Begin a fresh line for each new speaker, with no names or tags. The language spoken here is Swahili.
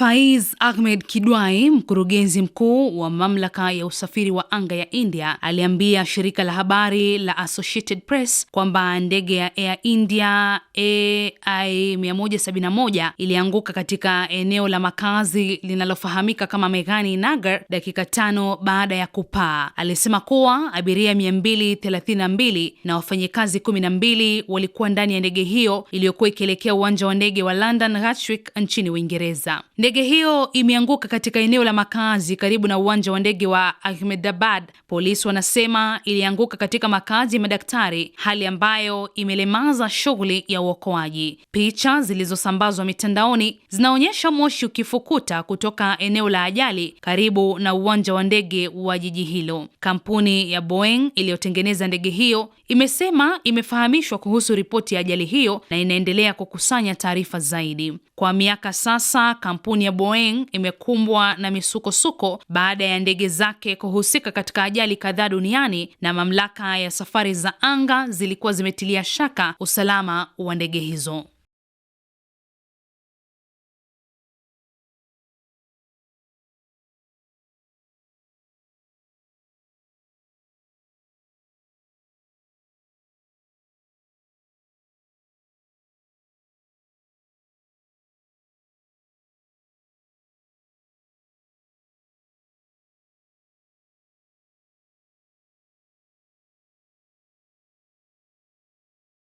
Faiz Ahmed Kidwai, mkurugenzi mkuu wa mamlaka ya usafiri wa anga ya India, aliambia shirika la habari la Associated Press kwamba ndege ya Air India AI 171 ilianguka katika eneo la makazi linalofahamika kama Meghani Nagar dakika tano baada ya kupaa. Alisema kuwa abiria 232 na wafanyikazi 12 walikuwa ndani ya ndege hiyo iliyokuwa ikielekea uwanja wa ndege wa London Gatwick nchini Uingereza. Ndege hiyo imeanguka katika eneo la makazi karibu na uwanja wa ndege wa Ahmedabad. Polisi wanasema ilianguka katika makazi ya madaktari, hali ambayo imelemaza shughuli ya uokoaji. Picha zilizosambazwa mitandaoni zinaonyesha moshi ukifukuta kutoka eneo la ajali karibu na uwanja wa ndege wa jiji hilo. Kampuni ya Boeing iliyotengeneza ndege hiyo imesema imefahamishwa kuhusu ripoti ya ajali hiyo na inaendelea kukusanya taarifa zaidi. Kwa miaka sasa kampuni Kampuni ya Boeing imekumbwa na misukosuko baada ya ndege zake kuhusika katika ajali kadhaa duniani na mamlaka ya safari za anga zilikuwa zimetilia shaka usalama wa ndege hizo.